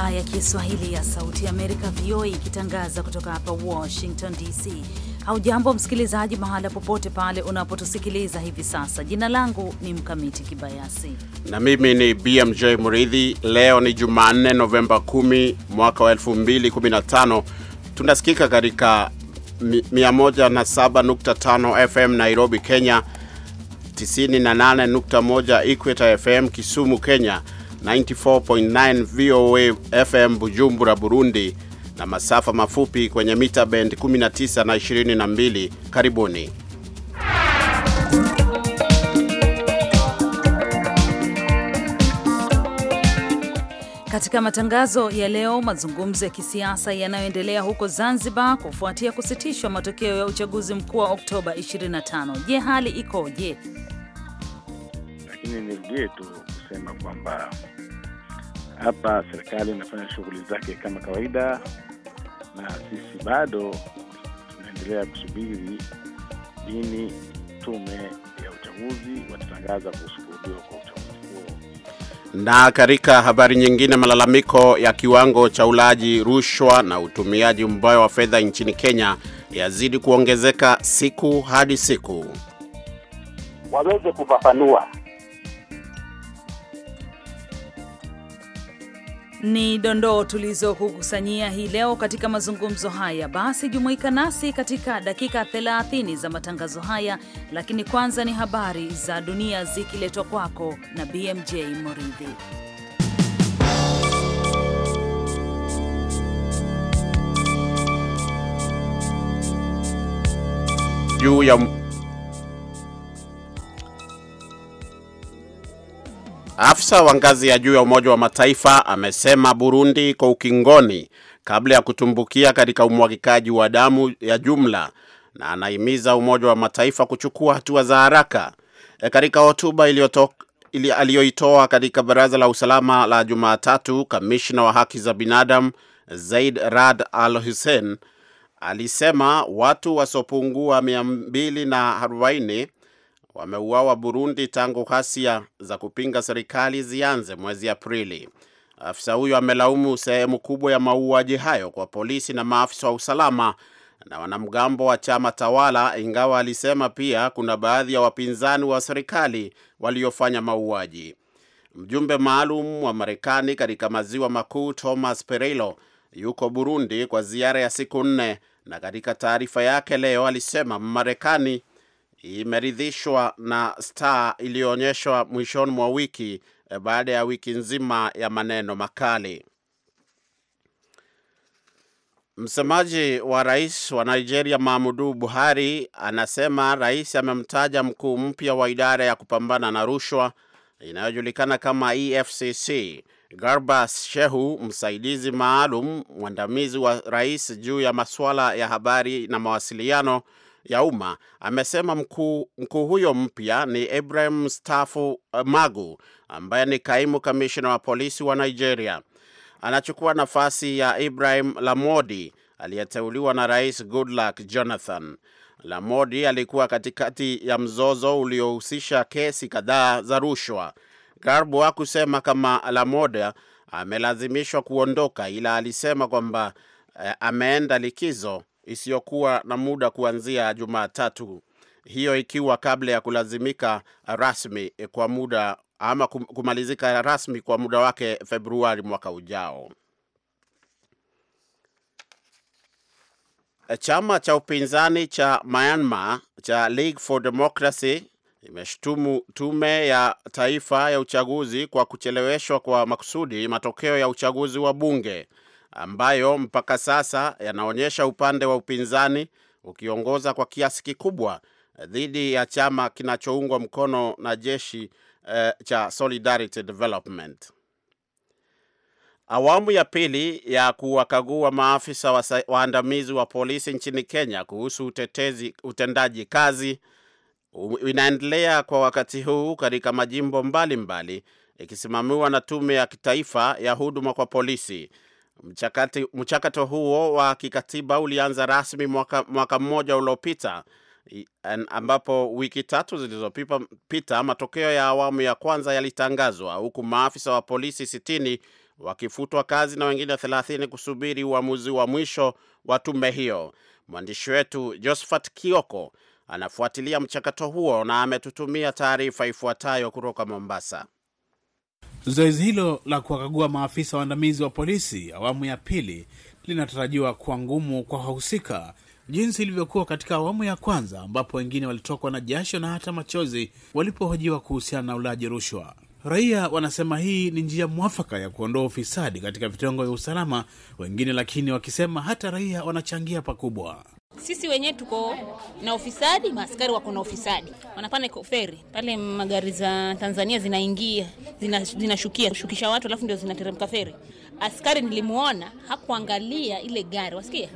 Idhaa ya Kiswahili ya Sauti ya Amerika, VOA, ikitangaza kutoka hapa Washington DC. Haujambo msikilizaji, mahala popote pale unapotusikiliza hivi sasa. Jina langu ni Mkamiti Kibayasi na mimi ni BMJ Muridhi. Leo ni Jumanne, Novemba 10 mwaka wa 2015. Tunasikika katika 107.5 FM Nairobi, Kenya, 98.1 Equator FM Kisumu, Kenya, 94.9 VOA FM Bujumbura, Burundi na masafa mafupi kwenye mita band 19 na 22. Karibuni. Katika matangazo ya leo, mazungumzo ya kisiasa yanayoendelea huko Zanzibar kufuatia kusitishwa matokeo ya uchaguzi mkuu wa Oktoba 25. Je, hali ikoje? Lakini ni vyetu kusema kwamba hapa serikali inafanya shughuli zake kama kawaida, na sisi bado tunaendelea kusubiri lini tume ya uchaguzi watatangaza kuhusu kurudiwa kwa uchaguzi huo. Na katika habari nyingine, malalamiko ya kiwango cha ulaji rushwa na utumiaji mbaya wa fedha nchini Kenya yazidi kuongezeka siku hadi siku. Waweze kufafanua Ni dondoo tulizokukusanyia hii leo katika mazungumzo haya. Basi jumuika nasi katika dakika 30 za matangazo haya, lakini kwanza ni habari za dunia zikiletwa kwako na BMJ Moridhi. juu ya Afisa wa ngazi ya juu ya Umoja wa Mataifa amesema Burundi iko ukingoni kabla ya kutumbukia katika umwagikaji wa damu ya jumla na anahimiza Umoja wa Mataifa kuchukua hatua za haraka. E, katika hotuba aliyoitoa katika Baraza la Usalama la Jumatatu, kamishna wa haki za binadamu Zaid Rad Al Hussein alisema watu wasiopungua 240 wameuawa Burundi tangu ghasia za kupinga serikali zianze mwezi Aprili. Afisa huyo amelaumu sehemu kubwa ya mauaji hayo kwa polisi na maafisa wa usalama na wanamgambo wa chama tawala, ingawa alisema pia kuna baadhi ya wapinzani wa serikali waliofanya mauaji. Mjumbe maalum wa Marekani katika maziwa makuu Thomas Perello yuko Burundi kwa ziara ya siku nne, na katika taarifa yake leo alisema Marekani imeridhishwa na star iliyoonyeshwa mwishoni mwa wiki eh, baada ya wiki nzima ya maneno makali. Msemaji wa rais wa Nigeria Muhammadu Buhari anasema rais amemtaja mkuu mpya wa idara ya kupambana na rushwa inayojulikana kama EFCC Garba Shehu, msaidizi maalum mwandamizi wa rais juu ya masuala ya habari na mawasiliano, ya umma amesema mkuu, mkuu huyo mpya ni Ibrahim Stafu eh, Magu ambaye ni kaimu kamishina wa polisi wa Nigeria. Anachukua nafasi ya Ibrahim Lamodi aliyeteuliwa na Rais Goodluck Jonathan. Lamodi alikuwa katikati ya mzozo uliohusisha kesi kadhaa za rushwa. Garbu hakusema kama Lamoda amelazimishwa kuondoka, ila alisema kwamba eh, ameenda likizo isiyokuwa na muda kuanzia Jumatatu, hiyo ikiwa kabla ya kulazimika rasmi kwa muda ama kumalizika rasmi kwa muda wake Februari mwaka ujao. Chama cha upinzani cha Myanmar cha League for Democracy imeshutumu tume ya taifa ya uchaguzi kwa kucheleweshwa kwa makusudi matokeo ya uchaguzi wa bunge ambayo mpaka sasa yanaonyesha upande wa upinzani ukiongoza kwa kiasi kikubwa eh, dhidi ya chama kinachoungwa mkono na jeshi eh, cha Solidarity Development. Awamu ya pili ya kuwakagua maafisa waandamizi wa polisi nchini Kenya kuhusu utetezi, utendaji kazi inaendelea kwa wakati huu katika majimbo mbalimbali ikisimamiwa na tume ya kitaifa ya huduma kwa polisi. Mchakati, mchakato huo wa kikatiba ulianza rasmi mwaka, mwaka mmoja uliopita ambapo wiki tatu zilizopita matokeo ya awamu ya kwanza yalitangazwa huku maafisa wa polisi sitini wakifutwa kazi na wengine 30 kusubiri uamuzi wa mwisho wa tume hiyo. Mwandishi wetu Josephat Kioko anafuatilia mchakato huo na ametutumia taarifa ifuatayo kutoka Mombasa. Zoezi hilo la kuwakagua maafisa waandamizi wa polisi awamu ya pili linatarajiwa kuwa ngumu kwa wahusika jinsi ilivyokuwa katika awamu ya kwanza, ambapo wengine walitokwa na jasho na hata machozi walipohojiwa kuhusiana na ulaji rushwa. Raia wanasema hii ni njia mwafaka ya kuondoa ufisadi katika vitengo vya usalama, wengine lakini wakisema hata raia wanachangia pakubwa. Sisi wenyewe tuko na ufisadi, maaskari wako na ufisadi, wanapanda feri pale, magari za Tanzania zinaingia zinashukia zina shukisha watu, alafu ndio zinateremka feri. Askari nilimuona hakuangalia ile gari, wasikia,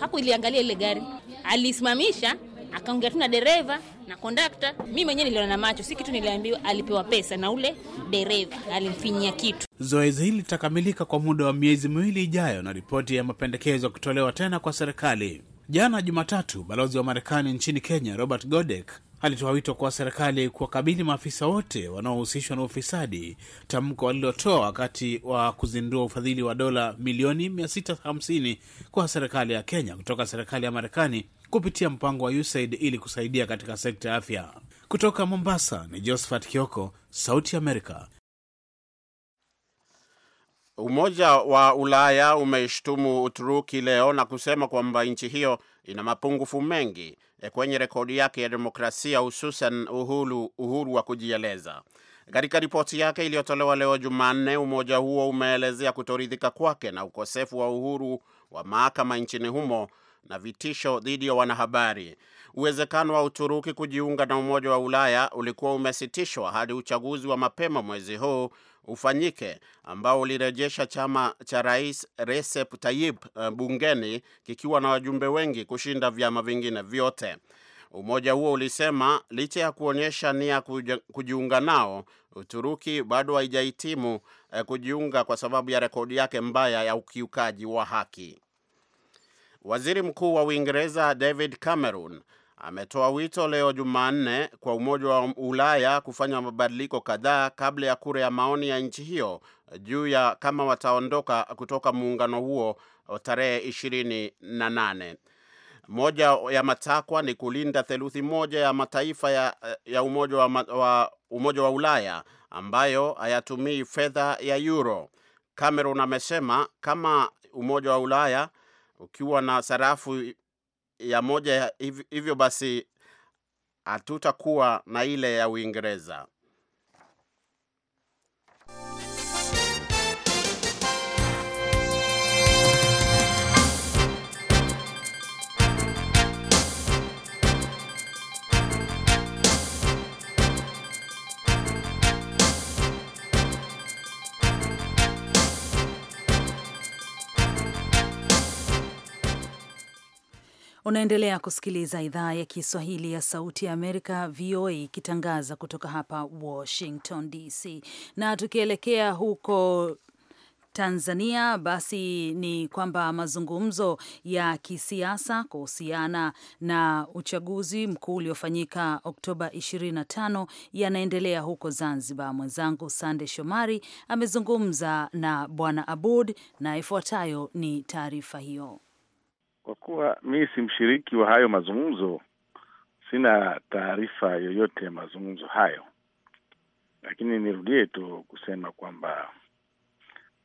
hakuiliangalia ile gari, alisimamisha akaongea tu na dereva na kondakta. Mi mwenyewe niliona na macho, si kitu niliambiwa. Alipewa pesa na ule dereva alimfinyia kitu. Zoezi hili litakamilika kwa muda wa miezi miwili ijayo, na ripoti ya mapendekezo kutolewa tena kwa serikali. Jana Jumatatu, balozi wa Marekani nchini Kenya Robert Godek alitoa wito kwa serikali kuwakabili maafisa wote wanaohusishwa na ufisadi, tamko walilotoa wakati wa kuzindua ufadhili wa dola milioni 650 kwa serikali ya Kenya kutoka serikali ya Marekani kupitia mpango wa USAID ili kusaidia katika sekta ya afya. Kutoka Mombasa ni Josephat Kioko, Sauti ya Amerika. Umoja wa Ulaya umeshtumu Uturuki leo na kusema kwamba nchi hiyo ina mapungufu mengi e, kwenye rekodi yake ya demokrasia, hususan uhuru, uhuru wa kujieleza. Katika ripoti yake iliyotolewa leo Jumanne, umoja huo umeelezea kutoridhika kwake na ukosefu wa uhuru wa mahakama nchini humo na vitisho dhidi ya wanahabari. Uwezekano wa Uturuki kujiunga na Umoja wa Ulaya ulikuwa umesitishwa hadi uchaguzi wa mapema mwezi huu ufanyike ambao ulirejesha chama cha Rais Recep Tayyip eh, bungeni kikiwa na wajumbe wengi kushinda vyama vingine vyote. Umoja huo ulisema licha ya kuonyesha nia kujiunga nao, Uturuki bado haijahitimu eh, kujiunga kwa sababu ya rekodi yake mbaya ya ukiukaji wa haki. Waziri Mkuu wa Uingereza David Cameron ametoa wito leo Jumanne kwa Umoja wa Ulaya kufanya mabadiliko kadhaa kabla ya kura ya maoni ya nchi hiyo juu ya kama wataondoka kutoka muungano huo tarehe ishirini na nane. Moja ya matakwa ni kulinda theluthi moja ya mataifa ya, ya umoja wa, wa, umoja wa Ulaya ambayo hayatumii fedha ya euro. Cameron amesema kama umoja wa Ulaya ukiwa na sarafu ya moja hivyo basi hatutakuwa na ile ya Uingereza. Unaendelea kusikiliza idhaa ya Kiswahili ya Sauti ya Amerika, VOA, ikitangaza kutoka hapa Washington DC. Na tukielekea huko Tanzania basi ni kwamba mazungumzo ya kisiasa kuhusiana na uchaguzi mkuu uliofanyika Oktoba 25 yanaendelea huko Zanzibar. Mwenzangu Sande Shomari amezungumza na Bwana Abud na ifuatayo ni taarifa hiyo. Kwa kuwa mi si mshiriki wa hayo mazungumzo, sina taarifa yoyote ya mazungumzo hayo, lakini nirudie tu kusema kwamba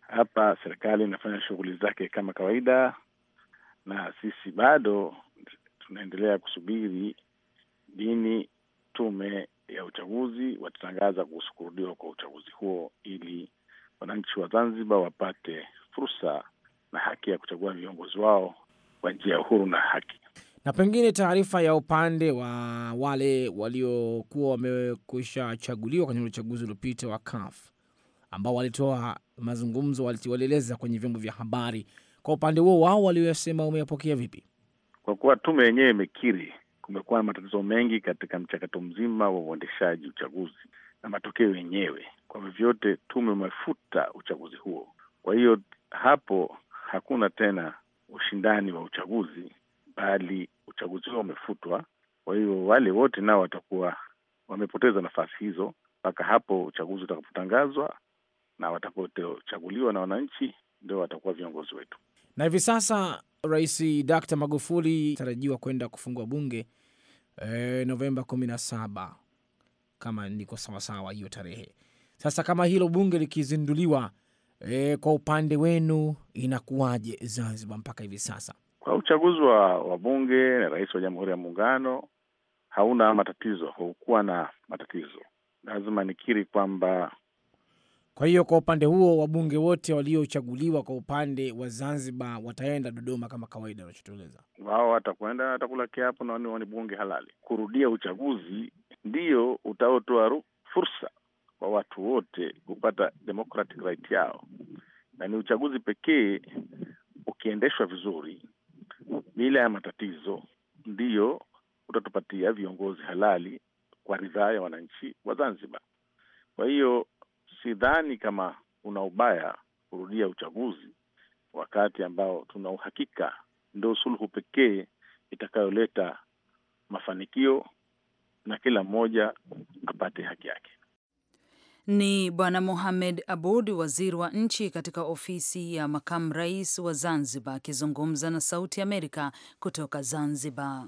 hapa serikali inafanya shughuli zake kama kawaida, na sisi bado tunaendelea kusubiri dini tume ya uchaguzi watatangaza kuhusu kurudiwa kwa uchaguzi huo, ili wananchi wa Zanzibar wapate fursa na haki ya kuchagua viongozi wao kwa njia ya uhuru na haki. Na pengine taarifa ya upande wa wale waliokuwa wamekwisha chaguliwa kwenye uchaguzi uliopita wa CAF ambao walitoa mazungumzo, walieleza kwenye vyombo vya habari, kwa upande huo wao walioyasema, umeyapokea vipi? Kwa kuwa tume yenyewe imekiri kumekuwa na matatizo mengi katika mchakato mzima wa uendeshaji uchaguzi na matokeo yenyewe. Kwa vyovyote, tume umefuta uchaguzi huo, kwa hiyo hapo hakuna tena ushindani wa uchaguzi, bali uchaguzi huo umefutwa. Kwa hiyo wale wote nao watakuwa wamepoteza nafasi hizo mpaka hapo uchaguzi utakapotangazwa, na watakapochaguliwa na wananchi ndio watakuwa viongozi wetu. Na hivi sasa Rais Dkt Magufuli tarajiwa kwenda kufungua bunge e, Novemba kumi na saba kama niko sawasawa hiyo tarehe. Sasa kama hilo bunge likizinduliwa e, kwa upande wenu inakuwaje Zanzibar mpaka hivi sasa? Kwa uchaguzi wa wabunge na rais wa Jamhuri ya Muungano hauna matatizo, haukuwa na matatizo, lazima nikiri kwamba kwa hiyo kwa upande huo wabunge wote waliochaguliwa kwa upande wa Zanzibar wataenda Dodoma kama kawaida, wanachotueleza wao, watakwenda watakula kiapo na ni bunge halali. Kurudia uchaguzi ndio utaotoa fursa kwa watu wote kupata democratic right yao, na ni uchaguzi pekee ukiendeshwa vizuri bila ya matatizo, ndiyo utatupatia viongozi halali kwa ridhaa ya wananchi wa Zanzibar. Kwa hiyo sidhani kama kuna ubaya kurudia uchaguzi wakati ambao tuna uhakika ndo suluhu pekee itakayoleta mafanikio na kila mmoja apate haki yake ni Bwana Mohamed Abud, waziri wa nchi katika ofisi ya makamu rais wa Zanzibar, akizungumza na Sauti Amerika kutoka Zanzibar.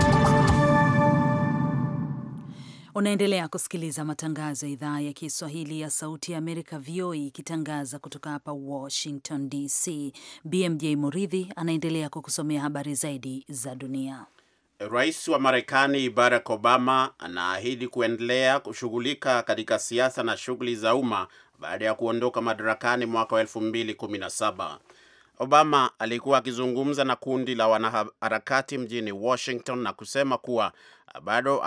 Unaendelea kusikiliza matangazo ya idhaa ya Kiswahili ya Sauti ya Amerika, VOA, e, ikitangaza kutoka hapa Washington DC. BMJ Muridhi anaendelea kukusomea habari zaidi za dunia. Rais wa Marekani Barack Obama anaahidi kuendelea kushughulika katika siasa na shughuli za umma baada ya kuondoka madarakani mwaka wa 2017. Obama alikuwa akizungumza na kundi la wanaharakati mjini Washington na kusema kuwa bado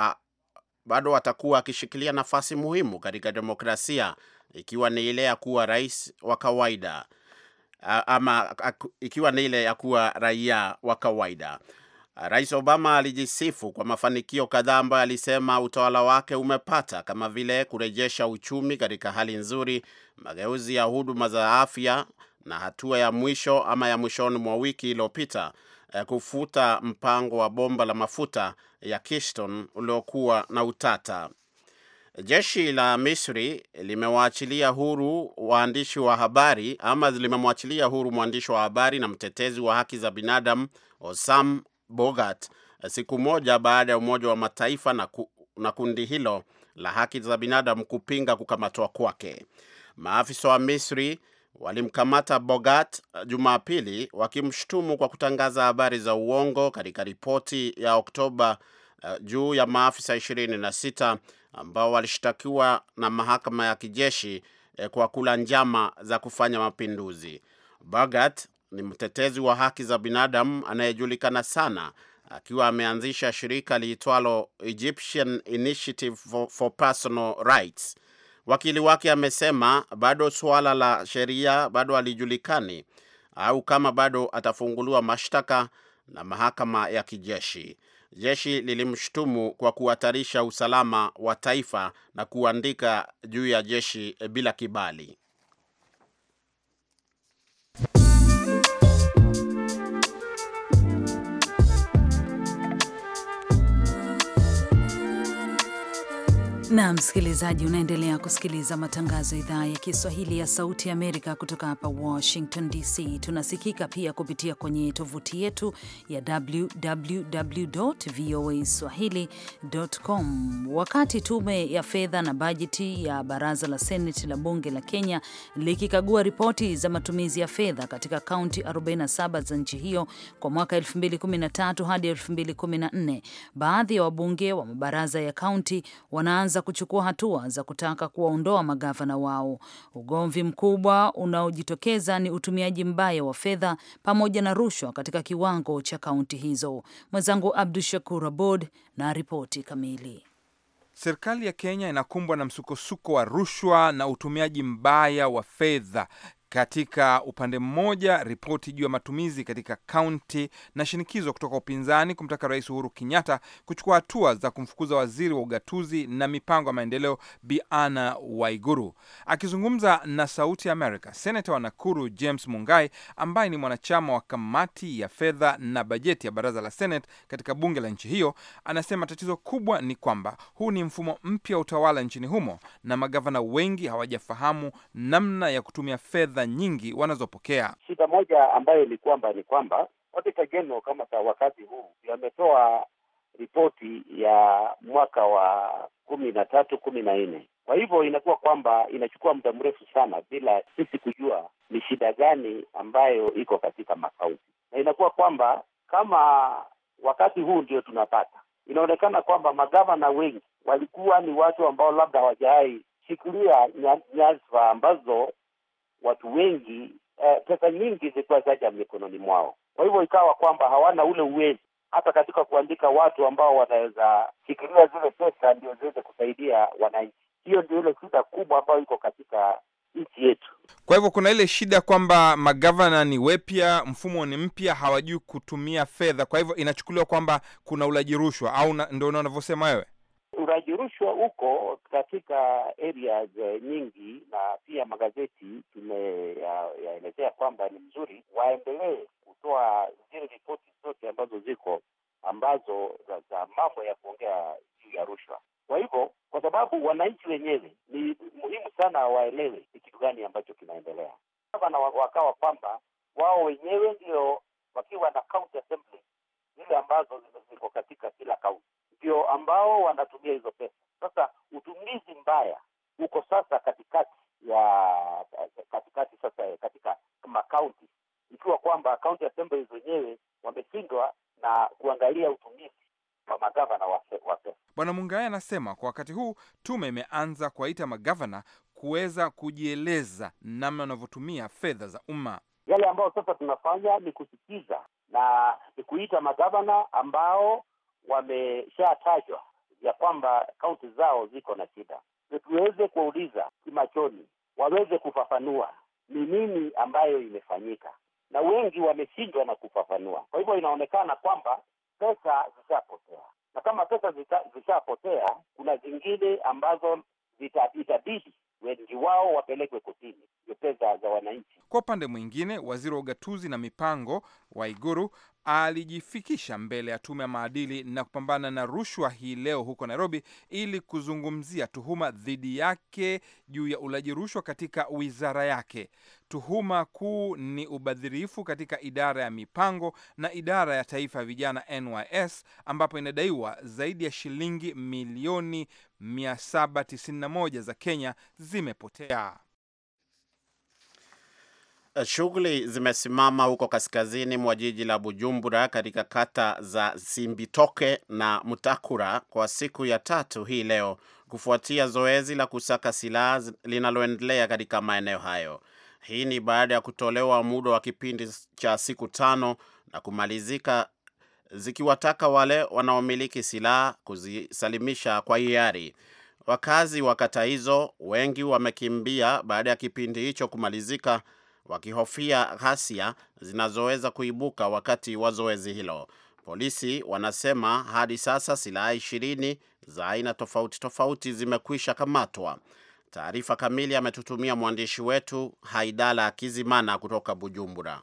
bado atakuwa akishikilia nafasi muhimu katika demokrasia, ikiwa ni ile ya kuwa rais wa kawaida ama ikiwa ni ile ya kuwa raia wa kawaida. Rais Obama alijisifu kwa mafanikio kadhaa ambayo alisema utawala wake umepata kama vile kurejesha uchumi katika hali nzuri, mageuzi ya huduma za afya na hatua ya mwisho ama ya mwishoni mwa wiki iliyopita Eh, kufuta mpango wa bomba la mafuta ya Keystone uliokuwa na utata. Jeshi la Misri limewaachilia huru waandishi wa habari ama limemwachilia huru mwandishi wa habari na mtetezi wa haki za binadamu Osam Bogat siku moja baada ya Umoja wa Mataifa na, ku, na kundi hilo la haki za binadamu kupinga kukamatwa kwake. Maafisa wa Misri walimkamata Bogat uh, Jumapili wakimshutumu kwa kutangaza habari za uongo katika ripoti ya Oktoba uh, juu ya maafisa 26 ambao walishtakiwa na mahakama ya kijeshi eh, kwa kula njama za kufanya mapinduzi. Bogat ni mtetezi wa haki za binadamu anayejulikana sana akiwa ameanzisha shirika liitwalo Egyptian Initiative for, for Personal Rights Wakili wake amesema bado suala la sheria bado halijulikani au kama bado atafunguliwa mashtaka na mahakama ya kijeshi. Jeshi lilimshutumu kwa kuhatarisha usalama wa taifa na kuandika juu ya jeshi bila kibali. na msikilizaji, unaendelea kusikiliza matangazo ya idhaa ya Kiswahili ya Sauti ya Amerika kutoka hapa Washington DC. Tunasikika pia kupitia kwenye tovuti yetu ya www voa swahili.com. Wakati tume ya fedha na bajeti ya baraza la Seneti la bunge la Kenya likikagua ripoti za matumizi ya fedha katika kaunti 47 za nchi hiyo kwa mwaka 2013 hadi 2014, baadhi ya wabunge wa mabaraza ya kaunti wanaanza kuchukua hatua za kutaka kuwaondoa magavana wao. Ugomvi mkubwa unaojitokeza ni utumiaji mbaya wa fedha pamoja na rushwa katika kiwango cha kaunti hizo. Mwenzangu Abdu Shakur Abod na ripoti kamili. Serikali ya Kenya inakumbwa na msukosuko wa rushwa na utumiaji mbaya wa fedha katika upande mmoja, ripoti juu ya matumizi katika kaunti na shinikizo kutoka upinzani kumtaka Rais Uhuru Kenyatta kuchukua hatua za kumfukuza waziri wa ugatuzi na mipango ya maendeleo Biana Waiguru. Akizungumza na Sauti ya Amerika, seneta wa Nakuru James Mungai, ambaye ni mwanachama wa kamati ya fedha na bajeti ya baraza la Senate katika bunge la nchi hiyo, anasema tatizo kubwa ni kwamba huu ni mfumo mpya wa utawala nchini humo na magavana wengi hawajafahamu namna ya kutumia fedha fedha nyingi wanazopokea. Shida moja ambayo ni kwamba ni kwamba wote kama sa wakati huu yametoa ripoti ya mwaka wa kumi na tatu kumi na nne kwa hivyo inakuwa kwamba inachukua muda mrefu sana bila sisi kujua ni shida gani ambayo iko katika makaunti, na inakuwa kwamba kama wakati huu ndio tunapata, inaonekana kwamba magavana wengi walikuwa ni watu ambao labda hawajawahi shikilia nyadhifa ambazo watu wengi eh, pesa nyingi zilikuwa zaja mikononi mwao. Kwa hivyo ikawa kwamba hawana ule uwezo hata katika kuandika watu ambao wanaweza fikiria zile pesa ndio ziweze kusaidia wananchi. Hiyo ndio ile shida kubwa ambayo iko katika nchi yetu. Kwa hivyo kuna ile shida kwamba magavana ni wepya, mfumo ni mpya, hawajui kutumia fedha. Kwa hivyo inachukuliwa kwamba kuna ulaji rushwa, au ndo unavyosema wewe? uraji rushwa huko katika areas eh, nyingi, na pia magazeti tumeyaelezea kwamba ni mzuri, waendelee kutoa zile ripoti zote ambazo ziko ambazo za mambo ya kuongea juu ya rushwa. Kwa hivyo, kwa sababu wananchi wenyewe ni muhimu sana waelewe ni kitu gani ambacho kinaendelea, na wakawa kwamba wao wenyewe ndio wakiwa na county assembly zile ambazo ziko katika kila kaunti ndio ambao wanatumia hizo pesa. Sasa utumizi mbaya uko sasa katikati ya katikati sasa katika makaunti, ikiwa kwamba kaunti assemblies wenyewe wameshindwa na kuangalia utumizi wa magavana wa pesa. Bwana Mungai anasema kwa wakati huu tume imeanza kuwaita magavana kuweza kujieleza namna wanavyotumia fedha za umma. Yale ambayo sasa tunafanya ni kusikiza na ni kuita magavana ambao wameshatajwa ya kwamba kaunti zao ziko na shida, tuweze kuwauliza kimachoni, waweze kufafanua ni nini ambayo imefanyika, na wengi wameshindwa na kufafanua. Kwa hivyo inaonekana kwamba pesa zishapotea, na kama pesa zishapotea, kuna zingine ambazo itabidi wengi wao wapelekwe kotini, pesa za wananchi. Kwa upande mwingine, waziri wa ugatuzi na mipango Waiguru alijifikisha mbele ya tume ya maadili na kupambana na rushwa hii leo huko Nairobi ili kuzungumzia tuhuma dhidi yake juu ya ulaji rushwa katika wizara yake. Tuhuma kuu ni ubadhirifu katika idara ya mipango na idara ya taifa ya vijana NYS, ambapo inadaiwa zaidi ya shilingi milioni 791 za Kenya zimepotea shughuli zimesimama huko kaskazini mwa jiji la Bujumbura katika kata za Simbitoke na Mutakura kwa siku ya tatu hii leo kufuatia zoezi la kusaka silaha linaloendelea katika maeneo hayo. Hii ni baada ya kutolewa muda wa kipindi cha siku tano na kumalizika zikiwataka wale wanaomiliki silaha kuzisalimisha kwa hiari. Wakazi wa kata hizo wengi wamekimbia baada ya kipindi hicho kumalizika wakihofia ghasia zinazoweza kuibuka wakati wa zoezi hilo. Polisi wanasema hadi sasa silaha ishirini za aina tofauti tofauti zimekwisha kamatwa. Taarifa kamili ametutumia mwandishi wetu Haidala Kizimana kutoka Bujumbura.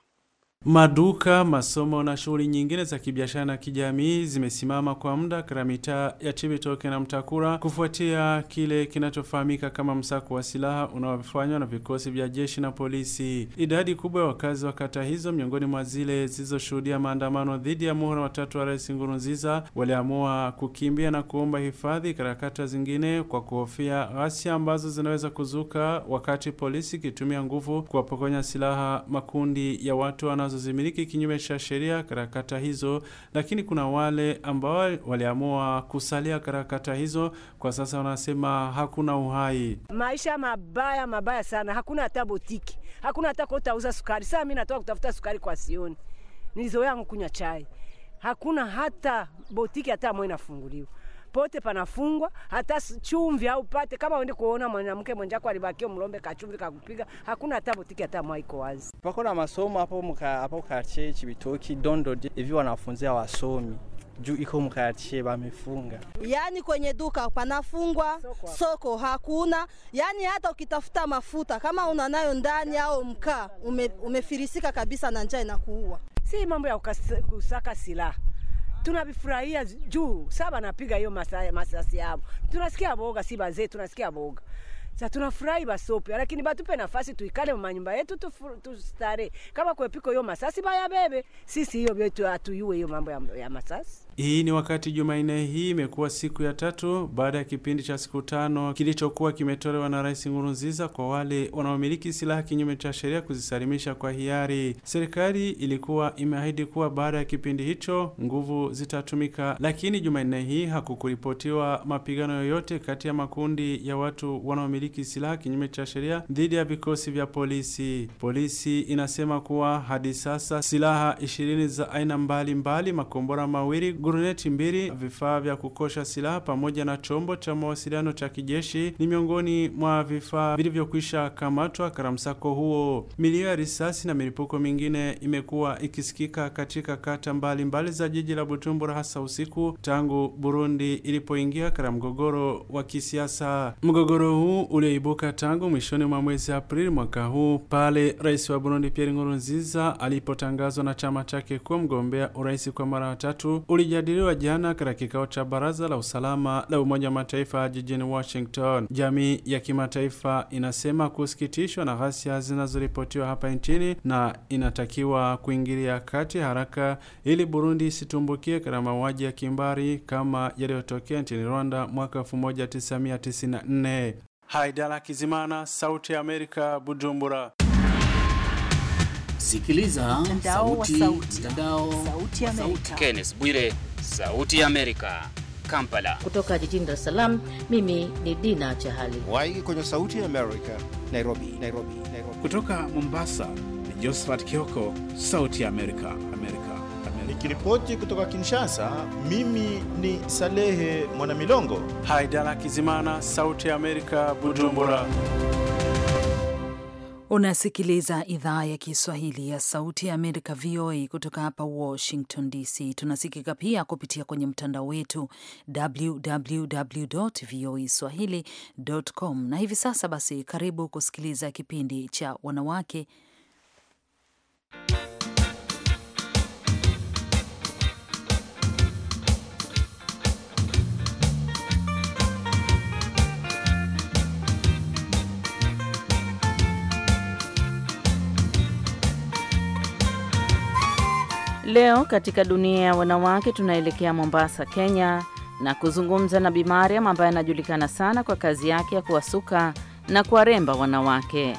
Maduka, masomo na shughuli nyingine za kibiashara na kijamii zimesimama kwa muda katika mitaa ya Chibitoke na Mtakura kufuatia kile kinachofahamika kama msako wa silaha unaofanywa na vikosi vya jeshi na polisi. Idadi kubwa ya wakazi wa kata hizo, miongoni mwa zile zilizoshuhudia maandamano dhidi ya muhula watatu wa Rais Nkurunziza, waliamua kukimbia na kuomba hifadhi katika kata zingine kwa kuhofia ghasia ambazo zinaweza kuzuka wakati polisi ikitumia nguvu kuwapokonya silaha makundi ya watu wana zinazozimiliki kinyume cha sheria karakata hizo, lakini kuna wale ambao waliamua kusalia karakata hizo. Kwa sasa wanasema hakuna uhai, maisha mabaya mabaya sana, hakuna hata botiki, hakuna hata kotauza sukari. Saa mi natoka kutafuta sukari kwa sioni, nilizoea kunywa chai, hakuna hata botiki hata moja inafunguliwa pote panafungwa, hata chumvi au pate. Kama uende kuona mwanamke mwenjako alibakio mlombe kachumvi kakupiga, hakuna hata butiki hata mwa wazi. Pako na masomo hapo mka hapo kache Chibitoki dondo hivi wanafunzia wasomi juu iko mkaache bamefunga, yani kwenye duka panafungwa, soko, soko hakuna. Yani hata ukitafuta mafuta kama una nayo ndani au mkaa ume, umefirisika kabisa na njaa inakuua. Si mambo ya kusaka silaha tunavifurahia juu saba wanapiga hiyo masasi yao. Tunasikia boga, si bazee, tunasikia boga sa tunafurahi basopi lakini batupe nafasi tuikale manyumba yetu tustare. Kama kwepiko hiyo masasi bayabebe, sisi hiyo vyetu hatuyue hiyo mambo ya, ya masasi hii ni wakati Jumanne hii imekuwa siku ya tatu baada ya kipindi cha siku tano kilichokuwa kimetolewa na Rais Nkurunziza kwa wale wanaomiliki silaha kinyume cha sheria kuzisalimisha kwa hiari. Serikali ilikuwa imeahidi kuwa baada ya kipindi hicho nguvu zitatumika, lakini Jumanne hii hakukuripotiwa mapigano yoyote kati ya makundi ya watu wanaomiliki silaha kinyume cha sheria dhidi ya vikosi vya polisi. Polisi inasema kuwa hadi sasa silaha ishirini za aina mbalimbali, makombora mawili guruneti mbili, vifaa vya kukosha silaha pamoja na chombo cha mawasiliano cha kijeshi ni miongoni mwa vifaa vilivyokwisha kamatwa katika msako huo. Milio ya risasi na milipuko mingine imekuwa ikisikika katika kata mbalimbali mbali za jiji la butumbura hasa usiku tangu Burundi ilipoingia katika mgogoro wa kisiasa. Mgogoro huu ulioibuka tangu mwishoni mwa mwezi Aprili mwaka huu pale rais wa Burundi Pierre Nkurunziza alipotangazwa na chama chake kuwa mgombea urais kwa mara ya tatu uli ilijadiliwa jana katika kikao cha Baraza la Usalama la Umoja wa Mataifa jijini Washington. Jamii ya kimataifa inasema kusikitishwa na ghasia zinazoripotiwa hapa nchini na inatakiwa kuingilia kati haraka ili Burundi isitumbukie katika mauaji ya kimbari kama yaliyotokea nchini Rwanda mwaka 1994. Haidara Kizimana, Sauti ya Amerika, Bujumbura. Sikiliza mtandao wa sauti, mtandao sauti ya Amerika. Kenneth Bwire, sauti ya Amerika, Kampala. Kutoka jijini Dar es Salaam, mimi ni Dina Chahali. Waiki kwenye sauti ya Amerika, Nairobi, Nairobi, Nairobi. Kutoka Mombasa ni Josephat Kioko, sauti ya Amerika, Amerika. Nikiripoti kutoka Kinshasa, mimi ni Salehe Mwanamilongo. Haidara Kizimana, sauti ya Amerika, Bujumbura, Bujumbura. Unasikiliza idhaa ya Kiswahili ya Sauti ya Amerika, VOA, kutoka hapa Washington DC. Tunasikika pia kupitia kwenye mtandao wetu www voa swahili.com. Na hivi sasa basi, karibu kusikiliza kipindi cha Wanawake Leo katika dunia ya wanawake tunaelekea Mombasa, Kenya na kuzungumza na Bi Mariam ambaye anajulikana sana kwa kazi yake ya kuwasuka na kuwaremba wanawake.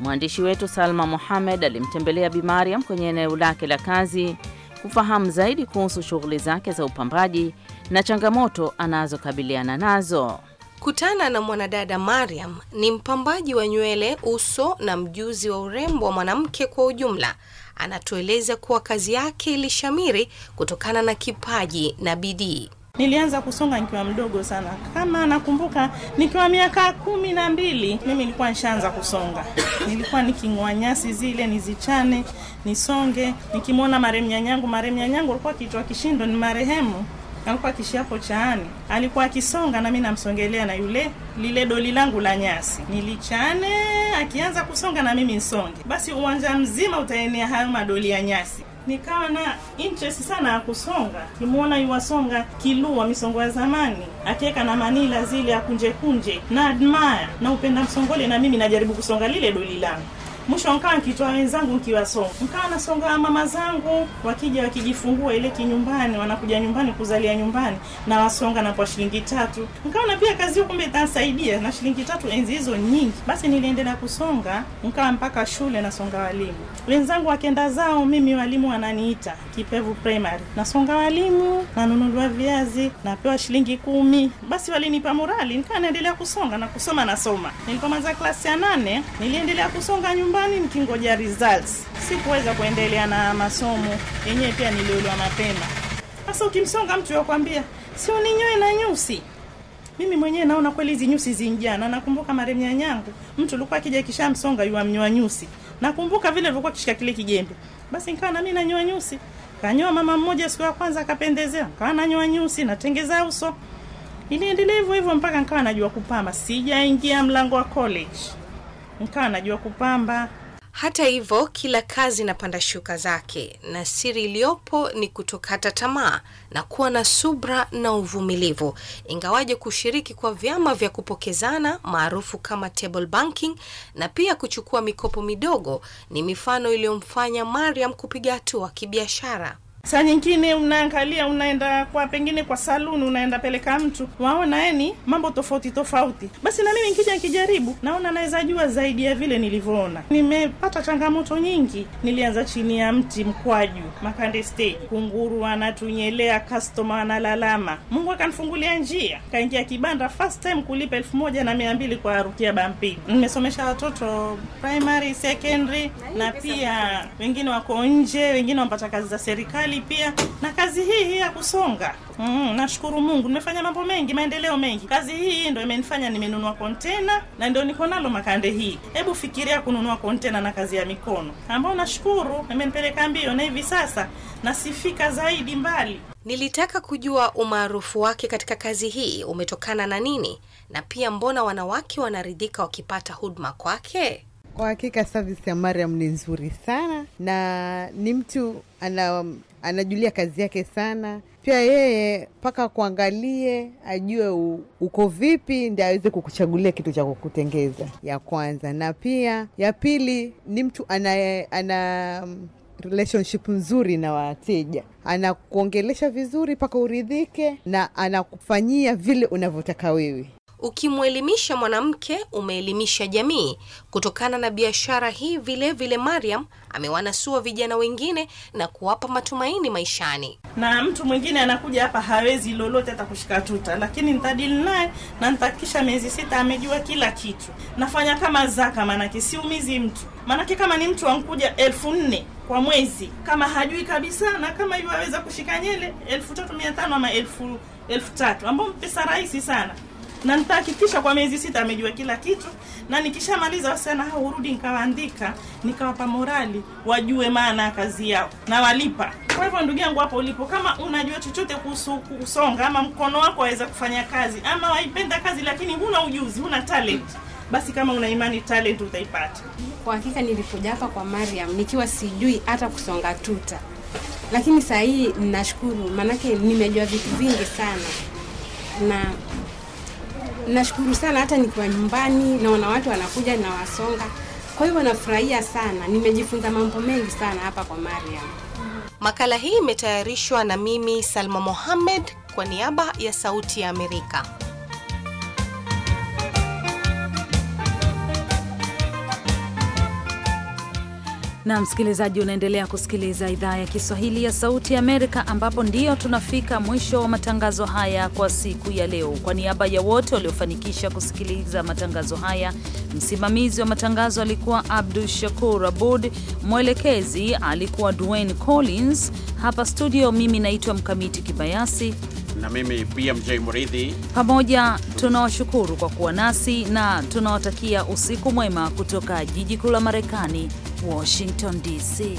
Mwandishi wetu Salma Mohamed alimtembelea Bi Mariam kwenye eneo lake la kazi kufahamu zaidi kuhusu shughuli zake za upambaji na changamoto anazokabiliana nazo. Kutana na mwanadada Mariam, ni mpambaji wa nywele, uso na mjuzi wa urembo wa mwanamke kwa ujumla anatueleza kuwa kazi yake ilishamiri kutokana na kipaji na bidii. Nilianza kusonga nikiwa mdogo sana, kama nakumbuka, nikiwa miaka kumi na mbili mimi nilikuwa nishaanza kusonga. Nilikuwa niking'oa nyasi zile nizichane nisonge, nikimwona marehemu nyanyangu. Marehemu nyanyangu alikuwa kiitwa Kishindo, ni marehemu alikuwa hapo chaani, alikuwa akisonga nami namsongelea na yule lile doli langu la nyasi nilichane, akianza kusonga na mimi nsonge, basi uwanja mzima utaenea hayo madoli ya nyasi nikawa na interest sana ya kusonga. Kimuona yuwasonga kilua misongo ya zamani, akiweka na manila zile akunjekunje, na admire na upenda msongole, na mimi najaribu kusonga lile doli langu mwisho nkawa nkitoa wenzangu nkiwasoma nkawa nasonga mama zangu, wakija wakijifungua ile kinyumbani, wanakuja nyumbani kuzalia nyumbani, na wasonga na kwa shilingi tatu. Nkawa na pia kazi hiyo kumbe itanisaidia na shilingi tatu enzi hizo nyingi. Basi niliendelea kusonga, nkawa mpaka shule nasonga walimu. Wenzangu wakenda zao, mimi walimu wananiita Kipevu Primary, nasonga walimu, nanunuliwa viazi, napewa shilingi kumi. Basi walinipa morali, nikawa naendelea kusonga na kusoma, nasoma. Nilipomaliza klasi ya nane niliendelea kusonga nyumbani nyumbani nikingoja results, sikuweza kuendelea na masomo yenyewe, pia niliolewa mapema. Sasa ukimsonga mtu yakwambia si uninywe na nyusi. Mimi mwenyewe naona kweli hizi nyusi zinjana. Nakumbuka marehemu nyanyangu, mtu alikuwa akija kishamsonga yuamnyoa nyusi. Nakumbuka vile alivyokuwa kishika kile kijembe, basi nikawa na mimi nanyoa nyusi. kanywa mama mmoja siku ya kwanza akapendezewa, nikawa nanyoa nyusi, natengeza uso. Iliendelea hivyo hivyo mpaka nkawa najua kupama. Sijaingia mlango wa college nikawa najua kupamba. Hata hivyo, kila kazi inapanda shuka zake, na siri iliyopo ni kutokata tamaa na kuwa na subra na uvumilivu. Ingawaje kushiriki kwa vyama vya kupokezana maarufu kama table banking na pia kuchukua mikopo midogo ni mifano iliyomfanya Mariam kupiga hatua kibiashara. Saa nyingine unaangalia, unaenda kwa pengine kwa saluni, unaenda peleka mtu waona yani mambo tofauti tofauti. Basi na mimi nkija nkijaribu naona naweza jua zaidi ya vile nilivyoona. Nimepata changamoto nyingi. Nilianza chini ya mti mkwaju makande stage, kunguru anatunyelea kastoma analalama. Mungu akanfungulia njia, kaingia kibanda first time kulipa elfu moja na mia mbili kwa rukia bampi. Nimesomesha watoto primary, secondary na pia wengine wako nje, wengine wanapata kazi za serikali pia na kazi hii hii ya kusonga. Mm, nashukuru Mungu nimefanya mambo mengi, maendeleo mengi. Kazi hii hii ndio imenifanya nimenunua kontena na ndio niko nalo makande hii. Hebu fikiria kununua kontena na kazi ya mikono ambayo nashukuru imenipeleka mbio, na hivi sasa nasifika zaidi mbali. Nilitaka kujua umaarufu wake katika kazi hii umetokana na nini, na pia mbona wanawake wanaridhika wakipata huduma kwake? Kwa hakika service ya Mariam ni nzuri sana, na ni mtu ana anajulia kazi yake sana. Pia yeye mpaka kuangalie ajue u, uko vipi, ndi aweze kukuchagulia kitu cha kukutengeza, ya kwanza. Na pia ya pili ni mtu ana, ana mm, relationship nzuri na wateja, anakuongelesha vizuri mpaka uridhike, na anakufanyia vile unavyotaka wewe. Ukimwelimisha mwanamke umeelimisha jamii. Kutokana na biashara hii, vile vile Mariam amewanasua vijana wengine na kuwapa matumaini maishani. Na mtu mwingine anakuja hapa hawezi lolote, hata kushika tuta, lakini nitadili naye na nitahakikisha miezi sita amejua kila kitu. Nafanya kama zaka, maanake siumizi mtu, maanake kama ni mtu ankuja elfu nne kwa mwezi, kama hajui kabisa na kama hivyo aweza kushika nyele elfu tatu mia tano ama elfu elfu tatu ambao pesa rahisi sana na nitahakikisha kwa miezi sita amejua kila kitu, na nikishamaliza wasichana hao urudi nikawaandika, nikawapa morali, wajue maana ya kazi yao na walipa. Kwa hivyo ndugu yangu, hapo ulipo, kama unajua chochote kuhusu kusonga ama mkono wako waweza kufanya kazi ama waipenda kazi, lakini huna ujuzi, huna talent basi kama una imani talent utaipata kwa hakika. Nilikuja hapa kwa Mariam nikiwa sijui hata kusonga tuta, lakini saa hii ninashukuru, maanake nimejua vitu vingi sana na Nashukuru sana hata nikiwa nyumbani naona watu wanakuja na wasonga, kwa hivyo nafurahia sana. Nimejifunza mambo mengi sana hapa kwa Mariam. Makala hii imetayarishwa na mimi Salma Mohamed kwa niaba ya Sauti ya Amerika. na msikilizaji, unaendelea kusikiliza idhaa ya Kiswahili ya Sauti ya Amerika, ambapo ndiyo tunafika mwisho wa matangazo haya kwa siku ya leo. Kwa niaba ya wote waliofanikisha kusikiliza matangazo haya, msimamizi wa matangazo alikuwa Abdu Shakur Abud, mwelekezi alikuwa Dwayne Collins. Hapa studio, mimi naitwa Mkamiti Kibayasi na mimi BMJ Muridhi. Pamoja tunawashukuru kwa kuwa nasi na tunawatakia usiku mwema kutoka jiji kuu la Marekani, Washington DC.